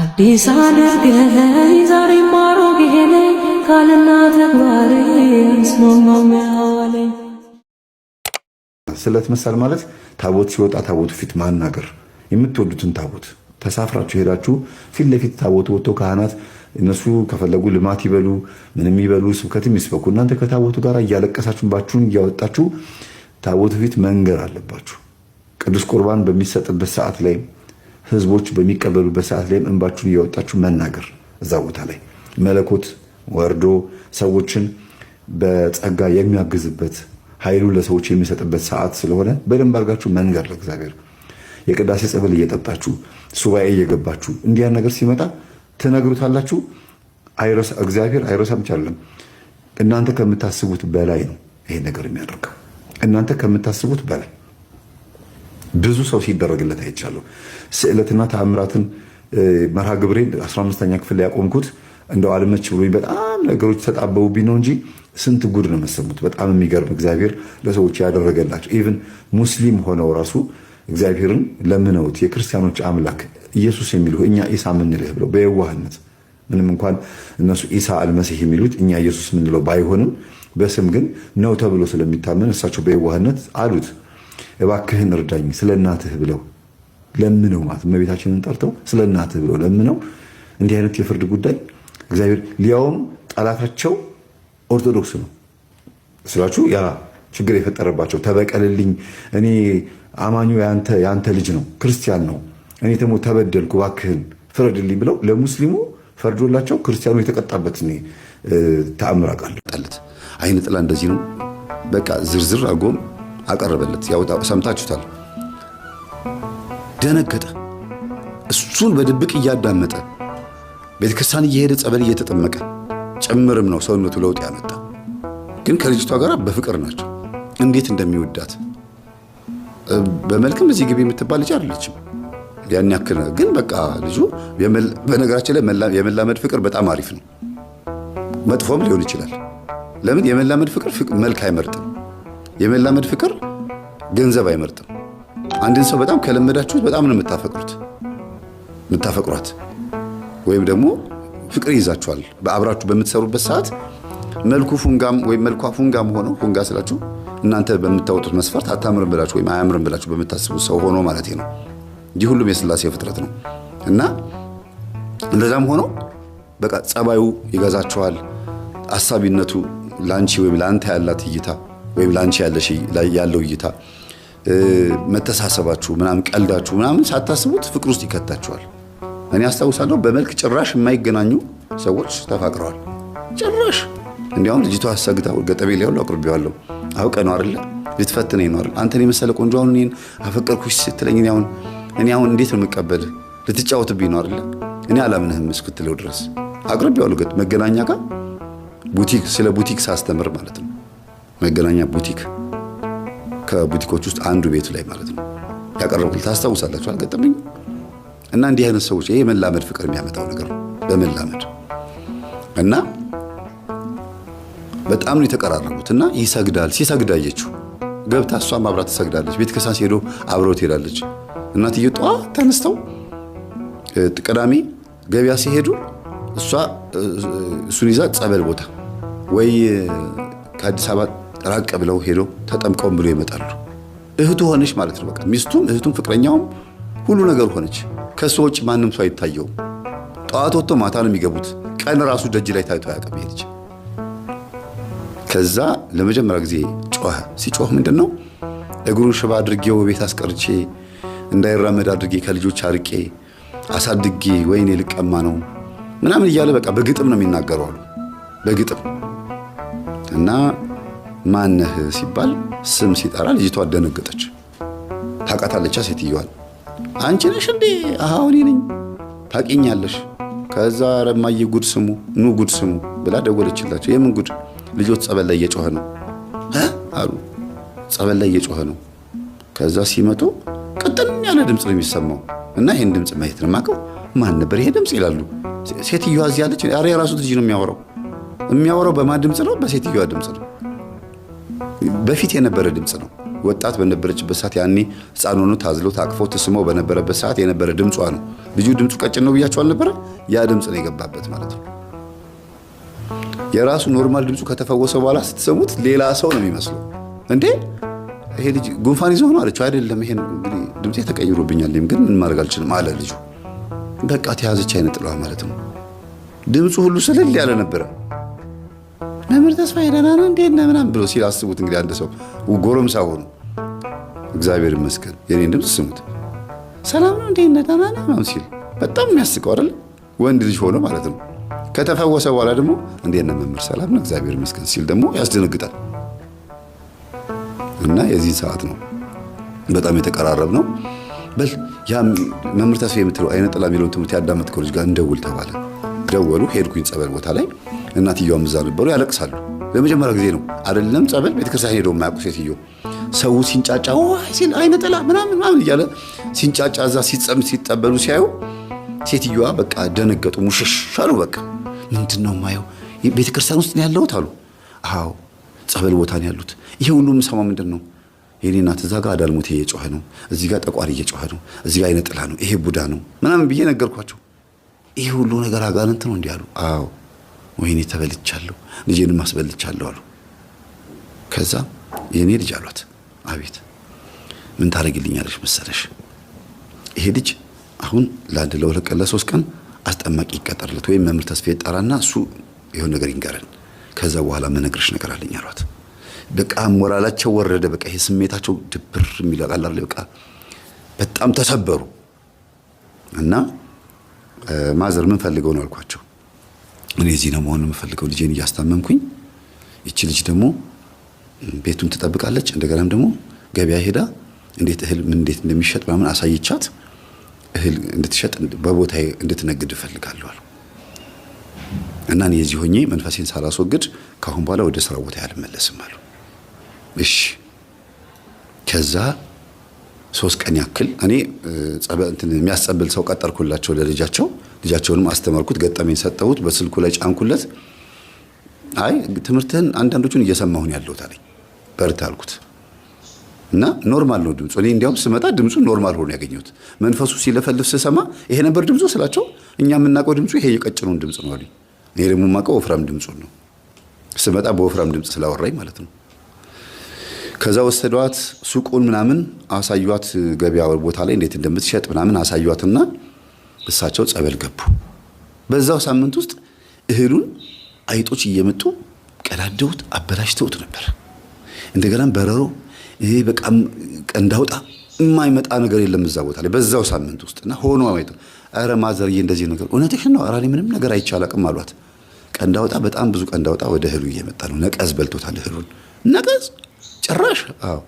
አዲስ አድርገኝ ዛሬ ማሮጌኔ ተግባሬ ስለት መሳል ማለት ታቦት ሲወጣ ታቦቱ ፊት ማናገር የምትወዱትን ታቦት ተሳፍራችሁ ሄዳችሁ ፊት ለፊት ታቦት ወጥቶ ካህናት እነሱ ከፈለጉ ልማት ይበሉ ምንም ይበሉ ስብከትም ይስበኩ፣ እናንተ ከታቦቱ ጋር እያለቀሳችሁ ባችሁን እያወጣችሁ ታቦቱ ፊት መንገር አለባችሁ። ቅዱስ ቁርባን በሚሰጥበት ሰዓት ላይ ህዝቦች በሚቀበሉበት ሰዓት ላይም እንባችሁን እያወጣችሁ መናገር እዛ ቦታ ላይ መለኮት ወርዶ ሰዎችን በጸጋ የሚያግዝበት ኃይሉ ለሰዎች የሚሰጥበት ሰዓት ስለሆነ በደንብ አድርጋችሁ መንገር ለእግዚአብሔር የቅዳሴ ጸበል እየጠጣችሁ ሱባኤ እየገባችሁ እንዲያን ነገር ሲመጣ ትነግሩታላችሁ። እግዚአብሔር አይረሳም ቻለም። እናንተ ከምታስቡት በላይ ነው ይሄ ነገር የሚያደርገው እናንተ ከምታስቡት በላይ ብዙ ሰው ሲደረግለት አይቻለሁ። ስዕለትና ተአምራትን መርሃ ግብሬን 15ኛ ክፍል ላይ ያቆምኩት እንደው አልመች ብሎ በጣም ነገሮች ተጣበቡብኝ ነው እንጂ ስንት ጉድ ነው የምትሰሙት። በጣም የሚገርም እግዚአብሔር ለሰዎች ያደረገላቸው ኢቭን ሙስሊም ሆነው ራሱ እግዚአብሔርን ለምነውት የክርስቲያኖች አምላክ ኢየሱስ የሚልህ እኛ ኢሳ ምንልህ ብለው በየዋህነት ምንም እንኳን እነሱ ኢሳ አልመሲህ የሚሉት እኛ ኢየሱስ ምንለው ባይሆንም በስም ግን ነው ተብሎ ስለሚታመን እሳቸው በየዋህነት አሉት። እባክህን እርዳኝ ስለ እናትህ ብለው ለምነው ማለት እመቤታችንን ጠርተው ስለ እናትህ ብለው ለምነው እንዲህ አይነት የፍርድ ጉዳይ እግዚአብሔር ሊያውም ጠላታቸው ኦርቶዶክስ ነው ስላችሁ ያ ችግር የፈጠረባቸው ተበቀልልኝ፣ እኔ አማኙ የአንተ ልጅ ነው ክርስቲያን ነው፣ እኔ ደግሞ ተበደልኩ፣ እባክህን ፍረድልኝ ብለው ለሙስሊሙ ፈርዶላቸው ክርስቲያኑ የተቀጣበት ተአምር አውቃለሁ። አይነ ጥላ እንደዚህ ነው። በቃ ዝርዝር አጎም አቀረበለት። ያው ሰምታችሁታል። ደነገጠ። እሱን በድብቅ እያዳመጠ ቤተክርስቲያን ክርስቲያን እየሄደ ጸበል እየተጠመቀ ጭምርም ነው ሰውነቱ ለውጥ ያመጣ። ግን ከልጅቷ ጋር በፍቅር ናቸው። እንዴት እንደሚወዳት በመልክም እዚህ ግቢ የምትባል ልጅ አይደለችም። ያን ያክል ግን በቃ ልጁ በነገራችን ላይ የመላመድ ፍቅር በጣም አሪፍ ነው። መጥፎም ሊሆን ይችላል። ለምን የመላመድ ፍቅር መልክ አይመርጥም። የመላመድ ፍቅር ገንዘብ አይመርጥም። አንድን ሰው በጣም ከለመዳችሁት በጣም ነው የምታፈቅሩት የምታፈቅሯት ወይም ደግሞ ፍቅር ይዛችኋል። በአብራችሁ በምትሰሩበት ሰዓት መልኩ ፉንጋም ወይም መልኳ ፉንጋም ሆኖ ፉንጋ ስላችሁ እናንተ በምታወጡት መስፈርት አታምርም ብላችሁ ወይም አያምርም ብላችሁ በምታስቡ ሰው ሆኖ ማለት ነው። ይህ ሁሉም የስላሴ ፍጥረት ነው እና እንደዛም ሆኖ በቃ ጸባዩ ይገዛችኋል። አሳቢነቱ ለአንቺ ወይም ለአንተ ያላት እይታ ወይም ለአንቺ ያለው እይታ መተሳሰባችሁ ምናምን ቀልዳችሁ ምናምን ሳታስቡት ፍቅር ውስጥ ይከታችኋል። እኔ አስታውሳለሁ በመልክ ጭራሽ የማይገናኙ ሰዎች ተፋቅረዋል። ጭራሽ እንዲያውም ልጅቷ አሰግታ ገጠቤ ላይ ሁሉ አቅርቤዋለሁ። አውቀ ነው አይደለ ልትፈትነኝ ነው አይደል? አንተን የመሰለ ቆንጆ አሁን እኔን አፈቀርኩሽ ስትለኝ እኔ አሁን እኔ አሁን እንዴት ነው የምቀበልህ? ልትጫወትብኝ ነው አይደለ? እኔ አላምንህም እስክትለው ድረስ አቅርቤዋለሁ። መገናኛ ጋር ቡቲክ ስለ ቡቲክ ሳስተምር ማለት ነው መገናኛ ቡቲክ ከቡቲኮች ውስጥ አንዱ ቤቱ ላይ ማለት ነው ያቀረቡት ታስታውሳላችሁ አልገጠመኝ እና እንዲህ አይነት ሰዎች ይሄ የመላመድ ፍቅር የሚያመጣው ነገር ነው። በመላመድ እና በጣም ነው የተቀራረቡት እና ይሰግዳል። ሲሰግድ አየችው ገብታ እሷ ማብራት ትሰግዳለች። ቤት ክርስቲያን ሄዶ አብረው ትሄዳለች። እናትዬ ጠዋት ተነስተው ቅዳሜ ገበያ ሲሄዱ እሷ እሱን ይዛ ጸበል ቦታ ወይ ከአዲስ አበባ ራቅ ብለው ሄዶ ተጠምቀውም ብሎ ይመጣሉ። እህቱ ሆነች ማለት ነው። በቃ ሚስቱም እህቱም ፍቅረኛውም ሁሉ ነገር ሆነች። ከእሱ ውጭ ማንም ሰው አይታየውም። ጠዋት ወጥቶ ማታ ነው የሚገቡት። ቀን ራሱ ደጅ ላይ ታይቶ አያውቅም ይሄ ከዛ ለመጀመሪያ ጊዜ ጮኸ። ሲጮህ ምንድን ነው እግሩን ሽባ አድርጌ ቤት አስቀርቼ እንዳይራመድ አድርጌ ከልጆች አርቄ አሳድጌ ወይኔ ልቀማ ነው ምናምን እያለ በቃ በግጥም ነው የሚናገረዋሉ በግጥም እና ማነህ ሲባል ስም ሲጠራ ልጅቷ አደነገጠች። ታውቃታለቻ ሴትዮዋን። አንቺ ነሽ እንዴ? አሁን ነኝ። ታቂኛለሽ። ከዛ ኧረ ጉድ ስሙ፣ ኑ ጉድ ስሙ ብላ ደወለችላቸው። የምን ጉድ? ልጆች ጸበል ላይ እየጮኸ ነው አሉ። ጸበል ላይ እየጮኸ ነው። ከዛ ሲመጡ ቅጥን ያለ ድምፅ ነው የሚሰማው እና ይህን ድምፅ ማየት ነው የማውቀው። ማን ነበር ይሄ ድምፅ ይላሉ። ሴትዮዋ እዚህ ያለች። ኧረ የራሱ ልጅ ነው የሚያወራው። የሚያወራው በማን ድምፅ ነው? በሴትዮዋ ድምፅ ነው። በፊት የነበረ ድምፅ ነው። ወጣት በነበረችበት ሰዓት ያኔ ሕፃን ሆኖ ታዝሎ ታቅፎ ተስሞ በነበረበት ሰዓት የነበረ ድምጿ ነው። ልጁ ድምፁ ቀጭን ነው ብያቸው አልነበረ? ያ ድምፅ ነው የገባበት ማለት ነው። የራሱ ኖርማል ድምፁ ከተፈወሰ በኋላ ስትሰሙት ሌላ ሰው ነው የሚመስለው። እንዴ ይሄ ልጅ ጉንፋን ይዞ ሆኖ አለችው። አይደለም ይሄ እንግዲህ ድምፄ ተቀይሮብኛል፣ ግን ምን ማድረግ አልችልም አለ ልጁ። በቃ ተያዘች አይነ ጥለዋ ማለት ነው። ድምፁ ሁሉ ስልል ያለ ነበረ። መምህር ተስፋዬ ደህና ነው እንዴት ነህ ምናምን ብሎ ሲል አስቡት እንግዲህ አንድ ሰው ጎረምሳ ሆኖ እግዚአብሔር ይመስገን የኔን ድምፅ ስሙት። ሰላም ነው እንዴት ነህ ደህና ነህ ምናምን ሲል በጣም የሚያስቀው አይደል? ወንድ ልጅ ሆኖ ማለት ነው። ከተፈወሰ በኋላ ደግሞ እንዴት ነህ መምህር ሰላም ነው እግዚአብሔር ይመስገን ሲል ደግሞ ያስደነግጣል። እና የዚህ ሰዓት ነው በጣም የተቀራረብ ነው። በል ያ መምህር ተስፋዬ የምትለው አይነ ጥላ የሚለውን ትምህርት ያዳመጥከው ልጅ ጋር እንደውል ተባለ። ደወሉ። ሄድኩኝ ጸበል ቦታ ላይ እናትየዋም እዛ ነበሩ። ያለቅሳሉ። ለመጀመሪያ ጊዜ ነው አይደለም ጸበል ቤተክርስቲያን ሄደው የማያውቁ ሴትዮ ሰው ሲንጫጫ ሲል አይነ ጥላ ምናምን ምናምን እያለ ሲንጫጫ እዛ ሲጸም ሲጠበሉ ሲያዩ ሴትዮዋ በቃ ደነገጡ። ሙሽሽ አሉ። በቃ ምንድን ነው የማየው? ቤተክርስቲያን ውስጥ ያለሁት አሉ። አዎ ጸበል ቦታ ነው ያሉት። ይሄ ሁሉ የምሰማው ምንድን ነው? የኔ እናት እዛ ጋር አዳልሞቴ እየጮኸ ነው፣ እዚህ ጋር ጠቋሪ እየጮኸ ነው፣ እዚህ ጋር አይነ ጥላ ነው፣ ይሄ ቡዳ ነው ምናምን ብዬ ነገርኳቸው። ይህ ሁሉ ነገር አጋንንት ነው እንዲህ አሉ። አዎ ወይኔ ተበልቻለሁ፣ ልጄንም አስበልቻለሁ አሉ። ከዛ የእኔ ልጅ አሏት፣ አቤት ምን ታደርግልኛለች መሰለሽ? ይሄ ልጅ አሁን ለአንድ ለሁለት ቀን ለሶስት ቀን አስጠማቂ ይቀጠርለት ወይም መምህር ተስፋ ይጣራና እሱ የሆነ ነገር ይንገረን፣ ከዛ በኋላ መነግርሽ ነገር አለኝ አሏት። በቃ ሞራላቸው ወረደ። በቃ ይሄ ስሜታቸው ድብር የሚለቃላ በቃ በጣም ተሰበሩ እና ማዘር ምን ፈልገው ነው አልኳቸው። እኔ እዚህ ነው መሆን የምፈልገው ልጄን እያስታመምኩኝ፣ ይቺ ልጅ ደግሞ ቤቱን ትጠብቃለች። እንደገናም ደግሞ ገበያ ሄዳ እንዴት እህል ምን እንዴት እንደሚሸጥ ምናምን አሳይቻት እህል እንድትሸጥ በቦታ እንድትነግድ እፈልጋለሁ አሉ እና እኔ እዚህ ሆኜ መንፈሴን ሳላስወግድ ከአሁን በኋላ ወደ ስራ ቦታ አልመለስም አሉ። እሺ ከዛ ሶስት ቀን ያክል እኔ የሚያስጸብል ሰው ቀጠርኩላቸው ለልጃቸው። ልጃቸውንም አስተማርኩት፣ ገጠመኝ ሰጠሁት፣ በስልኩ ላይ ጫንኩለት። አይ ትምህርትህን አንዳንዶቹን እየሰማሁን ያለሁት አለኝ። በርታ አልኩት እና ኖርማል ነው ድምፁ። እኔ እንዲያውም ስመጣ ድምፁ ኖርማል ሆኖ ያገኘሁት። መንፈሱ ሲለፈልፍ ስሰማ ይሄ ነበር ድምፁ ስላቸው፣ እኛ የምናውቀው ድምፁ ይሄ የቀጭኑን ድምፅ ነው አሉኝ። እኔ ደግሞ የማውቀው ወፍራም ድምፁን ነው። ስመጣ በወፍራም ድምፅ ስላወራኝ ማለት ነው። ከዛ ወሰዷት ሱቁን ምናምን አሳዩት። ገበያ ቦታ ላይ እንዴት እንደምትሸጥ ምናምን አሳዩትና እሳቸው ጸበል ገቡ። በዛው ሳምንት ውስጥ እህሉን አይጦች እየመጡ ቀዳደውት አበላሽተውት ነበር። እንደገናም በረሮ ይሄ በቃ እንዳውጣ የማይመጣ ነገር የለም እዛ ቦታ ላይ በዛው ሳምንት ውስጥ እና ሆኖ አይቶ ኧረ ማዘርዬ እንደዚህ ነገር እውነትሽን ነው፣ ኧረ ምንም ነገር አይቻላቅም አሏት። ቀንዳውጣ በጣም ብዙ ቀንዳውጣ ወደ እህሉ እየመጣ ነው። ነቀዝ በልቶታል እህሉን ነቀዝ ጭራሽ አዎ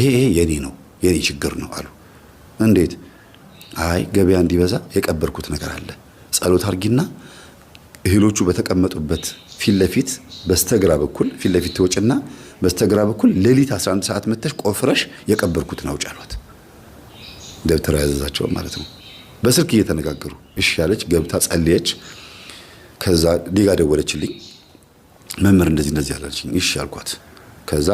ይሄ የኔ ነው የኔ ችግር ነው አሉ። እንዴት? አይ ገበያ እንዲበዛ የቀበርኩት ነገር አለ። ጸሎት አርጊና እህሎቹ በተቀመጡበት ፊት ለፊት በስተግራ በኩል ፊት ለፊት ትወጭና በስተግራ በኩል ሌሊት 11 ሰዓት መተሽ ቆፍረሽ የቀበርኩትን አውጪ አሏት። ደብተራ ያዘዛቸው ማለት ነው። በስልክ እየተነጋገሩ እሺ ያለች ገብታ ጸልየች። ከዛ ዲጋ ደወለችልኝ። መምህር እንደዚህ እንደዚህ ያለችኝ እሺ አልኳት። ከዛ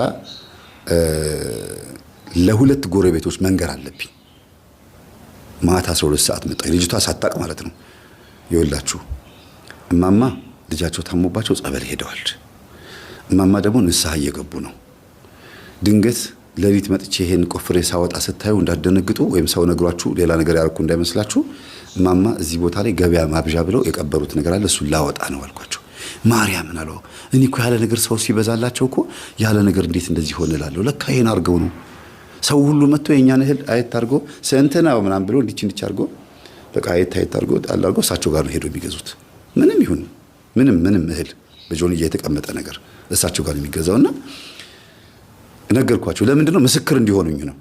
ለሁለት ጎረቤቶች መንገር አለብኝ። ማታ 12 ሰዓት መጣ። ልጅቷ ሳታቅ ማለት ነው። ይወላችሁ እማማ ልጃቸው ታሞባቸው ጸበል ሄደዋል። እማማ ደግሞ ንስሐ እየገቡ ነው። ድንገት ሌሊት መጥቼ ይሄን ቆፍሬ ሳወጣ ስታዩ እንዳደነግጡ ወይም ሰው ነግሯችሁ ሌላ ነገር ያደረኩ እንዳይመስላችሁ። እማማ እዚህ ቦታ ላይ ገበያ ማብዣ ብለው የቀበሩት ነገር አለ። እሱን ላወጣ ነው አልኳቸው። ማርያም አለው። እኔ እኮ ያለ ነገር ሰው ሲበዛላቸው እኮ ያለ ነገር እንዴት እንደዚህ ሆን እላለሁ። ለካ ይሄን አድርገው ነው ሰው ሁሉ መጥቶ የእኛን እህል አየት አድርጎ ስንትና ምናምን ብሎ እንዲች እንዲች አድርጎ በቃ አየት አየት አድርጎ አላርጎ እሳቸው ጋር ነው ሄዶ የሚገዙት። ምንም ይሁን ምንም ምንም እህል በጆንያ የተቀመጠ ነገር እሳቸው ጋር ነው የሚገዛውና ነገርኳቸው። ለምንድን ነው ምስክር እንዲሆኑኝ ነው።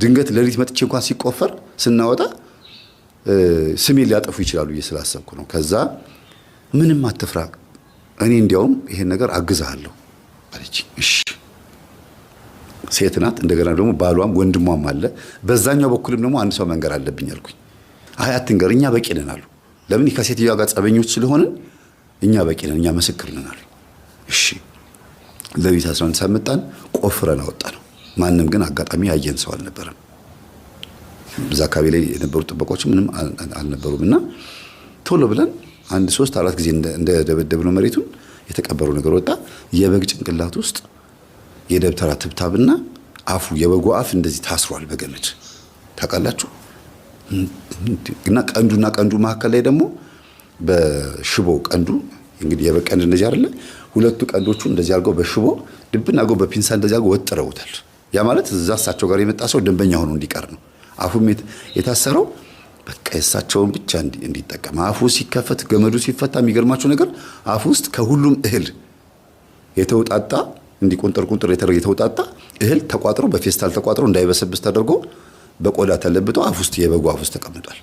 ድንገት ሌሊት መጥቼ እንኳን ሲቆፈር ስናወጣ ስሜን ሊያጠፉ ይችላሉ ብዬ ስላሰብኩ ነው። ከዛ ምንም አትፍራ፣ እኔ እንዲያውም ይሄን ነገር አግዛለሁ አለች። እሺ ሴት ናት። እንደገና ደግሞ ባሏም ወንድሟም አለ። በዛኛው በኩልም ደግሞ አንድ ሰው መንገር አለብኝ አልኩኝ። አይ አትንገር፣ እኛ በቂ ነን አሉ። ለምን ከሴትዮዋ ጋር ጸበኞች ስለሆንን እኛ በቂ ነን፣ እኛ ምስክር ነን አሉ። እሺ ለቤት አስራን ሰምጣን ቆፍረን አወጣ ነው። ማንም ግን አጋጣሚ ያየን ሰው አልነበረም። በዛ አካባቢ ላይ የነበሩ ጥበቆች ምንም አልነበሩም እና ቶሎ ብለን አንድ ሶስት አራት ጊዜ እንደደበደብነው መሬቱን የተቀበረው ነገር ወጣ። የበግ ጭንቅላት ውስጥ የደብተራ ትብታብና አፉ የበጉ አፍ እንደዚህ ታስሯል በገመድ ታውቃላችሁ። እና ቀንዱና ቀንዱ መካከል ላይ ደግሞ በሽቦ ቀንዱ እንግዲህ የበግ ቀንድ እንደዚህ አይደለ፣ ሁለቱ ቀንዶቹ እንደዚህ አድርገው በሽቦ ድብን አድርገው በፒንሳ እንደዚህ አድርገው ወጥረውታል። ያ ማለት እዛ እሳቸው ጋር የመጣ ሰው ደንበኛ ሆኖ እንዲቀር ነው። አፉም የታሰረው በቃ የእሳቸውን ብቻ እንዲጠቀም አፉ ሲከፈት ገመዱ ሲፈታ፣ የሚገርማቸው ነገር አፉ ውስጥ ከሁሉም እህል የተውጣጣ እንዲቆንጠር ቁንጥር የተደረገ የተውጣጣ እህል ተቋጥሮ በፌስታል ተቋጥሮ እንዳይበሰብስ ተደርጎ በቆዳ ተለብጦ አፍ ውስጥ የበጉ አፍ ውስጥ ተቀምጧል።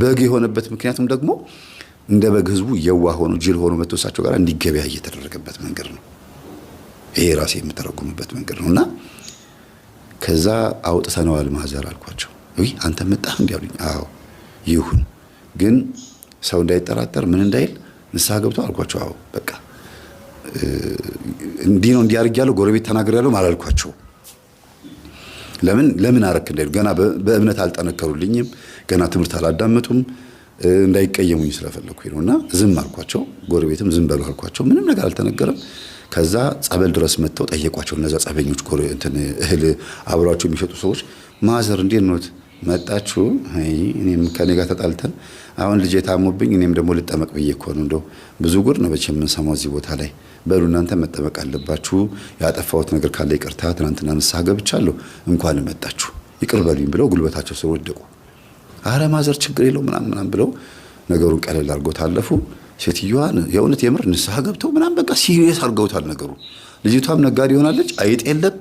በግ የሆነበት ምክንያቱም ደግሞ እንደ በግ ህዝቡ የዋ ሆኖ ጅል ሆኖ መቶ እሳቸው ጋር እንዲገበያ እየተደረገበት መንገድ ነው። ይሄ ራሴ የምተረጉምበት መንገድ ነው እና ከዛ አውጥተነዋል ማዘር አልኳቸው። አንተ መጣህ እንዲያሉኝ አዎ ይሁን ግን ሰው እንዳይጠራጠር ምን እንዳይል ንስሐ ገብተው አልኳቸው። አዎ በቃ እንዲህ ነው እንዲያርግ ያለው ጎረቤት ተናገር ያለው አላልኳቸው። ለምን ለምን አረክ እንዳይሉ ገና በእምነት አልጠነከሩልኝም። ገና ትምህርት አላዳመጡም። እንዳይቀየሙኝ ስለፈለግኩ ነው እና ዝም አልኳቸው። ጎረቤትም ዝም በሉ አልኳቸው። ምንም ነገር አልተነገረም። ከዛ ጸበል ድረስ መጥተው ጠየቋቸው። እነዛ ጸበኞች እህል አብሯቸው የሚሸጡ ሰዎች ማዘር እንዴት ነት መጣችሁ እኔም ከኔ ጋር ተጣልተን አሁን ልጄ ታሞብኝ እኔም ደግሞ ልጠመቅ ብዬ እኮ ነው። እንደው ብዙ ጉድ ነው በቼ የምንሰማው እዚህ ቦታ ላይ። በሉ እናንተ መጠመቅ አለባችሁ። ያጠፋሁት ነገር ካለ ይቅርታ፣ ትናንትና ንስሐ ገብቻለሁ፣ እንኳን መጣችሁ ይቅር በሉኝ ብለው ጉልበታቸው ስር ወደቁ። አረ ማዘር ችግር የለው ምናም ምናም ብለው ነገሩን ቀለል አድርገው ታለፉ። ሴትዮዋን የእውነት የምር ንስሐ ገብተው ምናም በቃ ሲሪየስ አድርገውታል ነገሩ። ልጅቷም ነጋዴ ይሆናለች። አይጥ የለም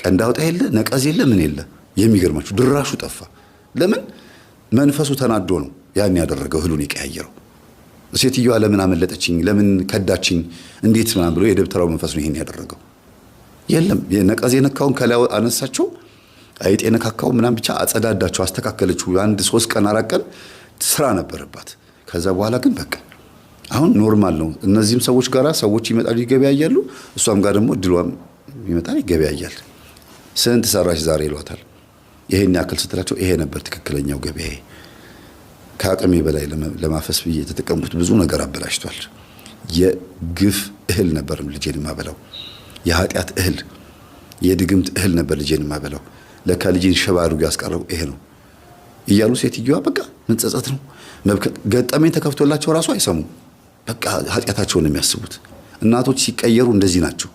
ቀንድ አውጣ የለ ነቀዝ የለ ምን የለ። የሚገርማችሁ ድራሹ ጠፋ። ለምን መንፈሱ ተናዶ ነው ያን ያደረገው፣ እህሉን የቀያየረው። ሴትዮዋ ለምን አመለጠችኝ፣ ለምን ከዳችኝ፣ እንዴት ምናምን ብሎ የደብተራው መንፈስ ነው ይሄን ያደረገው። የለም ነቀዝ የነካውን ከላይ አነሳቸው፣ አይጤ የነካካው ምናምን ብቻ አጸዳዳቸው፣ አስተካከለችው። አንድ ሶስት ቀን አራት ቀን ስራ ነበረባት። ከዛ በኋላ ግን በቃ አሁን ኖርማል ነው። እነዚህም ሰዎች ጋራ ሰዎች ይመጣሉ ይገበያያሉ፣ እሷም ጋር ደግሞ እድሏም ይመጣል ይገበያያል። ስንት ሰራሽ ዛሬ ይሏታል። ይሄን ያክል ስትላቸው ይሄ ነበር ትክክለኛው ገበያ፣ ከአቅሜ በላይ ለማፈስ ብዬ የተጠቀምኩት ብዙ ነገር አበላሽቷል። የግፍ እህል ነበር ልጄን የማበላው፣ የኃጢአት እህል፣ የድግምት እህል ነበር ልጄን የማበላው። ለካ ልጄን ሽባ አድርጎ ያስቀረው ይሄ ነው እያሉ ሴትዮዋ በቃ መጸጸት ነው ገጠመኝ ተከፍቶላቸው ራሱ አይሰሙም። በቃ ኃጢአታቸውን የሚያስቡት። እናቶች ሲቀየሩ እንደዚህ ናቸው።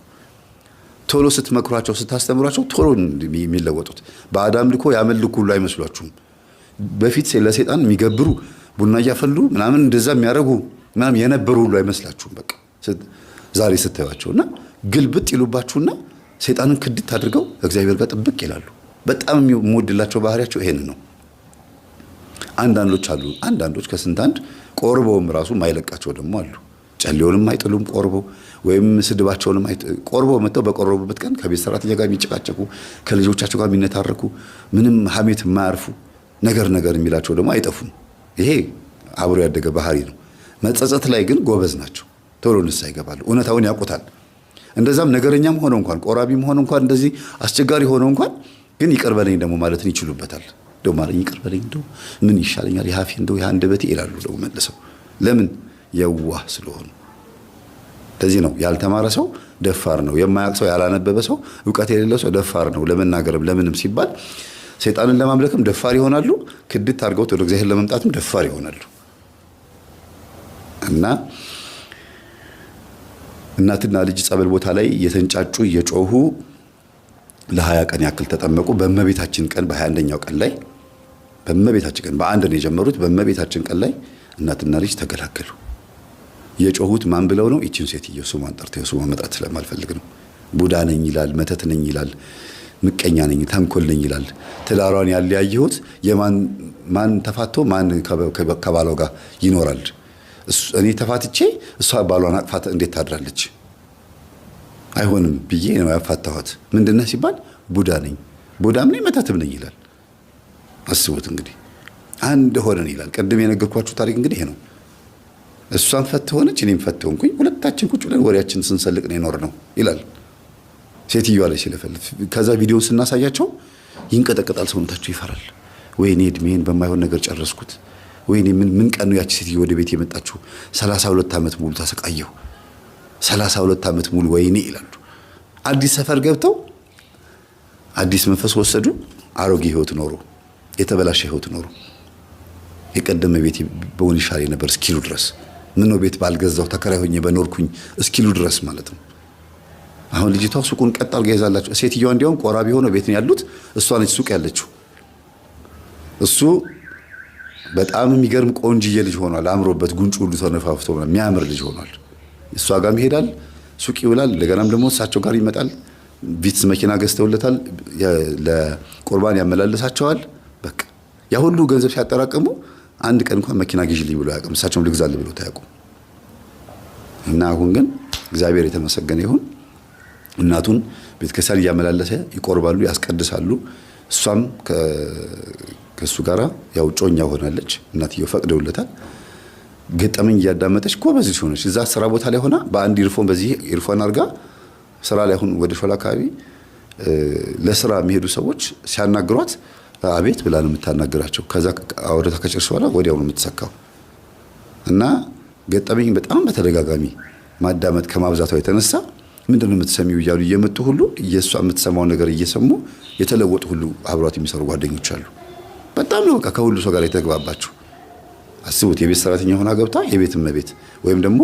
ቶሎ ስትመክሯቸው ስታስተምሯቸው ቶሎ የሚለወጡት ልኮ ያመልኩ ሁሉ አይመስሏችሁም። በፊት ለሴጣን የሚገብሩ ቡና እያፈሉ ምናምን እንደዛ የሚያደርጉ ምናምን የነበሩ ሁሉ አይመስላችሁም። በቃ ዛሬ ስታዩቸው እና ግልብጥ ይሉባችሁና ሴጣንን ክድት አድርገው እግዚአብሔር ጋር ጥብቅ ይላሉ። በጣም የምወድላቸው ባህሪያቸው ይሄን ነው። አንዳንዶች አሉ አንዳንዶች ከስንት አንድ ቆርበውም ራሱ ማይለቃቸው ደግሞ አሉ። ጨሌውንም አይጥሉም ቆርበው ወይም ስድባቸውንም ቆርቦ መጥተው በቆረቡበት ቀን ከቤት ሰራተኛ ጋር የሚጨቃጨቁ ከልጆቻቸው ጋር የሚነታረኩ ምንም ሀሜት የማያርፉ ነገር ነገር የሚላቸው ደግሞ አይጠፉም። ይሄ አብሮ ያደገ ባህሪ ነው። መጸጸት ላይ ግን ጎበዝ ናቸው። ቶሎ ንሳ ይገባሉ። እውነታውን ያውቁታል። እንደዛም ነገረኛም ሆነ እንኳን ቆራቢም ሆነ እንኳን እንደዚህ አስቸጋሪ ሆነ እንኳን ግን ይቅር ደግሞ ማለትን ይችሉበታል። እንደው ማለት ይቅር እንደው ምን ይሻለኛል፣ የሀፌ እንደው የአንደበቴ ይላሉ። እንደው መልሰው ለምን የዋህ ስለሆኑ ለዚህ ነው ያልተማረ ሰው ደፋር ነው፣ የማያውቅ ሰው ያላነበበ ሰው እውቀት የሌለው ሰው ደፋር ነው። ለመናገርም ለምንም ሲባል ሰይጣንን ለማምለክም ደፋር ይሆናሉ። ክድት አድርገውት ወደ እግዚአብሔር ለመምጣትም ደፋር ይሆናሉ እና እናትና ልጅ ጸበል ቦታ ላይ የተንጫጩ እየጮሁ ለሀያ ቀን ያክል ተጠመቁ። በእመቤታችን ቀን በሀያ ቀን ላይ በእመቤታችን ቀን በአንድ ነው የጀመሩት። በእመቤታችን ቀን ላይ እናትና ልጅ ተገላገሉ። የጮሁት ማን ብለው ነው? ይችን ሴትዮ ስሟን ጠርተው ስሟን መጥራት ስለማልፈልግ ነው። ቡዳ ነኝ ይላል፣ መተት ነኝ ይላል፣ ምቀኛ ነኝ፣ ተንኮል ነኝ ይላል። ትዳሯን ያለያየሁት ማን ተፋቶ ማን ከባሏ ጋር ይኖራል? እኔ ተፋትቼ እሷ ባሏን አቅፋት እንዴት ታድራለች? አይሆንም ብዬ ነው ያፋታኋት። ምንድነህ ሲባል ቡዳ ነኝ፣ ቡዳም ነኝ፣ መተትም ነኝ ይላል። አስቡት እንግዲህ አንድ ሆነን ይላል። ቅድም የነገርኳችሁ ታሪክ እንግዲህ ይሄ ነው። እሷን ፈት ሆነች፣ እኔም ፈት ሆንኩኝ። ሁለታችን ቁጭ ብለን ወሬያችን ስንሰልቅ ነው የኖር ነው ይላል ሴትዮዋ ላይ ሲለፈልፍ። ከዛ ቪዲዮን ስናሳያቸው ይንቀጠቀጣል፣ ሰውነታቸው ይፈራል። ወይኔ እድሜን በማይሆን ነገር ጨረስኩት። ወይኔ ምን ምን ቀን ነው ያቺ ሴትዮ ወደ ቤት የመጣችሁ? 32 ዓመት ሙሉ ሰላሳ 32 ዓመት ሙሉ ወይኔ ይላሉ። አዲስ ሰፈር ገብተው አዲስ መንፈስ ወሰዱ። አሮጌ ህይወት ኖሩ፣ የተበላሸ ህይወት ኖሩ። የቀደመ ቤት በሆን ይሻል ነበር እስኪሉ ድረስ ምነው ቤት ባልገዛው ተከራይ ሆኜ በኖርኩኝ እስኪሉ ድረስ ማለት ነው። አሁን ልጅቷ ሱቁን ቀጥ አድርጋ ይዛላቸው። ሴትዮዋ እንዲያውም ቆራቢ ሆነው ቤት ነው ያሉት። እሷ ነች ሱቅ ያለችው። እሱ በጣም የሚገርም ቆንጅዬ ልጅ ሆኗል። አምሮበት ጉንጭ ሁሉ ተነፋፍቶ የሚያምር ልጅ ሆኗል። እሷ ጋርም ይሄዳል፣ ሱቅ ይውላል። እንደገናም ደግሞ እሳቸው ጋር ይመጣል። ቪትስ መኪና ገዝተውለታል፣ ለቁርባን ያመላልሳቸዋል በቃ ያ ሁሉ ገንዘብ ሲያጠራቅሙ አንድ ቀን እንኳን መኪና ግዢልኝ ብሎ አያውቅም። እሳቸውም ልግዛል ብሎ ታያውቁም። እና አሁን ግን እግዚአብሔር የተመሰገነ ይሁን እናቱን ቤተክርስቲያን እያመላለሰ ይቆርባሉ፣ ያስቀድሳሉ። እሷም ከእሱ ጋራ ያው ጮኛ ሆናለች። እናትየው ፈቅደውለታል። ገጠመኝ እያዳመጠች እኮ በዚህ ሆነች። እዛ ስራ ቦታ ላይ ሆና በአንድ ኢርፎን በዚህ ኢርፎን አድርጋ ስራ ላይ አሁን ወደ ሾላ አካባቢ ለስራ የሚሄዱ ሰዎች ሲያናግሯት አቤት ብላ ነው የምታናግራቸው። ከዛ አውርታ ከጨርሽ በኋላ ወዲያው ነው የምትሰካው። እና ገጠመኝ በጣም በተደጋጋሚ ማዳመጥ ከማብዛቷ የተነሳ ምንድነው ነው የምትሰሚው እያሉ እየመጡ ሁሉ እየሷ የምትሰማው ነገር እየሰሙ የተለወጡ ሁሉ አብሯት የሚሰሩ ጓደኞች አሉ። በጣም ነው በቃ ከሁሉ ሰው ጋር የተግባባችሁ። አስቡት፣ የቤት ሰራተኛ ሆና ገብታ የቤት እመቤት ወይም ደግሞ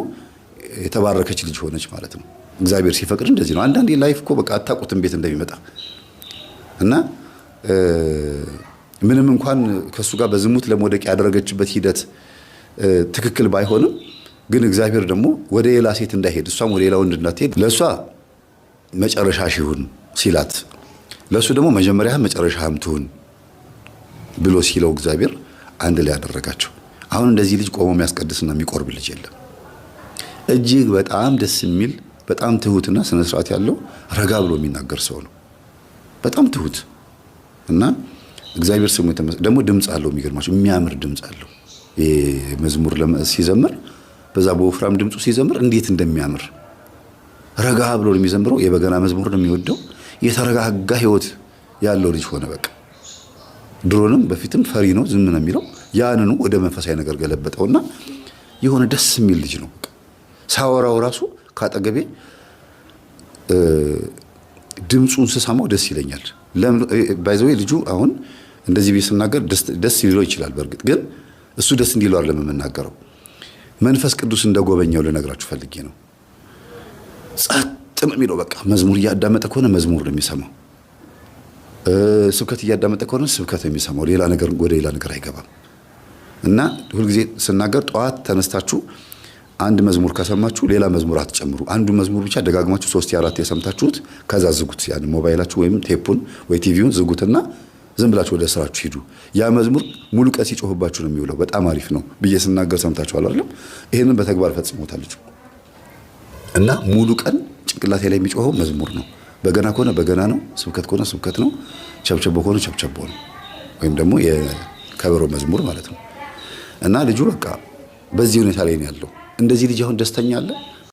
የተባረከች ልጅ ሆነች ማለት ነው። እግዚአብሔር ሲፈቅድ እንደዚህ ነው። አንዳንዴ ላይፍ እኮ በቃ አታውቁትም ቤት እንደሚመጣ እና ምንም እንኳን ከእሱ ጋር በዝሙት ለመውደቅ ያደረገችበት ሂደት ትክክል ባይሆንም ግን እግዚአብሔር ደግሞ ወደ ሌላ ሴት እንዳይሄድ እሷም ወደ ሌላ ወንድ እንዳትሄድ ለእሷ መጨረሻ ይሁን ሲላት ለእሱ ደግሞ መጀመሪያህም መጨረሻህም ትሁን ብሎ ሲለው እግዚአብሔር አንድ ላይ ያደረጋቸው። አሁን እንደዚህ ልጅ ቆሞ የሚያስቀድስና የሚቆርብ ልጅ የለም። እጅግ በጣም ደስ የሚል በጣም ትሁትና ስነስርዓት ያለው ረጋ ብሎ የሚናገር ሰው ነው። በጣም ትሁት እና እግዚአብሔር ስሙ የተመሰ ደግሞ ድምፅ አለው። የሚገርማቸው የሚያምር ድምፅ አለው። መዝሙር ሲዘምር በዛ በወፍራም ድምፁ ሲዘምር እንዴት እንደሚያምር ረጋ ብሎ የሚዘምረው የበገና መዝሙር ነው የሚወደው። የተረጋጋ ህይወት ያለው ልጅ ሆነ። በቃ ድሮንም በፊትም ፈሪ ነው፣ ዝም ነው የሚለው። ያንኑ ወደ መንፈሳዊ ነገር እና የሆነ ደስ የሚል ልጅ ነው። ሳወራው ራሱ ከአጠገቤ ድምፁን ስሰማው ደስ ይለኛል። ባይዘዌ ልጁ አሁን እንደዚህ ብዬ ስናገር ደስ ሊለው ይችላል። በእርግጥ ግን እሱ ደስ እንዲለው አይደለም የምናገረው። መንፈስ ቅዱስ እንደጎበኘው ልነግራችሁ ፈልጌ ነው። ጸጥ የሚለው። በቃ መዝሙር እያዳመጠ ከሆነ መዝሙር ነው የሚሰማው። ስብከት እያዳመጠ ከሆነ ስብከት ነው የሚሰማው። ሌላ ነገር ወደ ሌላ ነገር አይገባም። እና ሁልጊዜ ስናገር ጠዋት ተነስታችሁ አንድ መዝሙር ከሰማችሁ ሌላ መዝሙር አትጨምሩ። አንዱ መዝሙር ብቻ ደጋግማችሁ ሶስት አራት የሰምታችሁት ከዛ ዝጉት። ያን ሞባይላችሁ ወይም ቴፑን ወይ ቲቪውን ዝጉትና ዝም ብላችሁ ወደ ስራችሁ ሂዱ። ያ መዝሙር ሙሉ ቀን ሲጮህባችሁ ነው የሚውለው። በጣም አሪፍ ነው ብዬ ስናገር ሰምታችኋል አይደለም? ይህንን በተግባር ፈጽሞታለች እና ሙሉ ቀን ጭንቅላቴ ላይ የሚጮኸው መዝሙር ነው። በገና ከሆነ በገና ነው፣ ስብከት ከሆነ ስብከት ነው፣ ቸብቸቦ ከሆነ ቸብቸቦ ነው፣ ወይም ደግሞ የከበሮ መዝሙር ማለት ነው። እና ልጁ በቃ በዚህ ሁኔታ ላይ ነው ያለው። እንደዚህ ልጅ አሁን ደስተኛ አለ